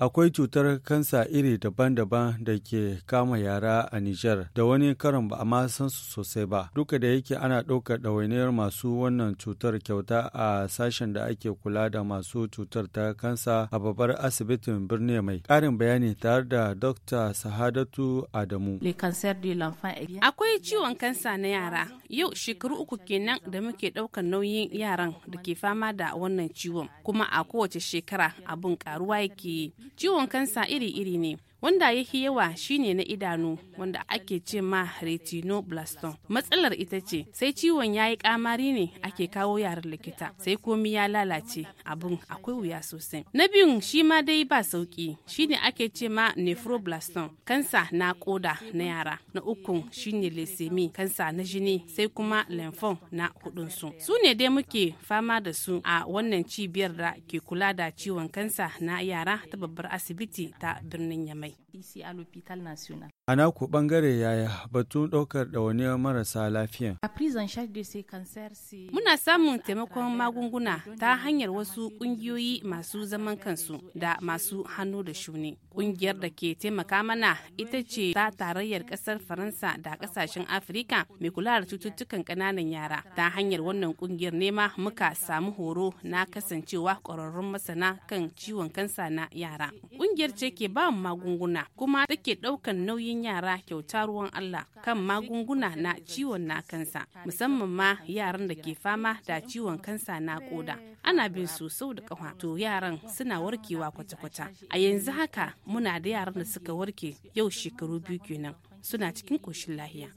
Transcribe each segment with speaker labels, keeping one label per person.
Speaker 1: Akwai cutar kansa iri daban-daban da ke kama yara a Nijar da wani karan ba a ma san su sosai ba. Duka da yake ana ɗaukar ɗawainiyar masu wannan cutar kyauta a sashen da ake kula da masu cutar ta kansa a babbar asibitin birni mai. Ƙarin bayani tare da Dr. Sahadatu Adamu.
Speaker 2: Akwai ciwon kansa na yara. Yau shekaru uku kenan da muke ɗaukar nauyin yaran da ke fama da wannan ciwon. Kuma a kowace shekara abun karuwa yake Ciwon kansa iri-iri ne. wanda ya yawa shine na idanu wanda ake ce ma retinoblaston matsalar ita ce sai ciwon ya yi kamari ne ake kawo yaran likita sai komi ya lalace abin akwai wuya sosai na biyun shi ma dai ba sauki shine ake ce ma nephroblaston kansa na koda na yara na uku shine lesemi kansa na jini sai kuma lymphom na hudunsu su ne dai muke fama da su a wannan cibiyar da ke kula da ciwon kansa na yara ta babbar asibiti ta birnin yamai Ici à l'hôpital national.
Speaker 1: A naku bangare yaya batun ɗaukar ɗawainiyar marasa lafiya.
Speaker 2: Muna samun taimakon magunguna ta hanyar wasu ƙungiyoyi masu zaman kansu da masu hannu da shuni. Ƙungiyar da ke taimaka mana ita ce ta tarayyar ƙasar Faransa da ƙasashen Afirka mai kula da cututtukan ƙananan yara. Ta hanyar wannan ƙungiyar nema muka samu horo na kasancewa ƙwararrun masana kan ciwon kansa na yara. Ƙungiyar ce ke ba magunguna kuma take ɗaukan nauyin cikin yara kyauta ruwan Allah kan magunguna na ciwon na kansa musamman ma yaran da ke fama da ciwon kansa na koda. Ana bin su sau da kafa to yaran suna warkewa kwata-kwata. A yanzu haka muna da yaran da suka warke yau shekaru biyu kenan suna cikin ƙoshin lahiya.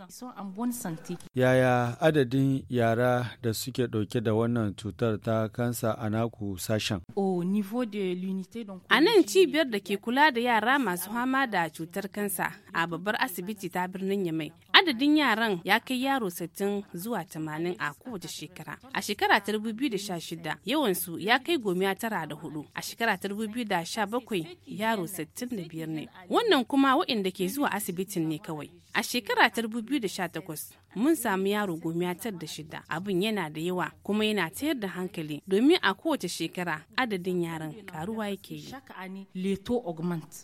Speaker 1: Yaya adadin yara da suke ɗauke da wannan cutar ta kansa a naku sashen?
Speaker 2: A nan cibiyar da ke kula da yara masu hama da cutar kansa a babbar asibiti ta birnin Yamai Adadin yaran ya kai yaro 60 zuwa 80 a kowace shekara. A shekara ta 2016 yawan su ya kai gomiya tara da hudu. A shekara ta 2017 yaro 65 ne. Wannan kuma waɗanda ke zuwa asibitin ne kawai. A shekara ta 2018 mun samu yaro gomiya tar da shida. Abin yana da yawa kuma yana tayar da hankali domin a kowace shekara adadin yaran karuwa yake yi.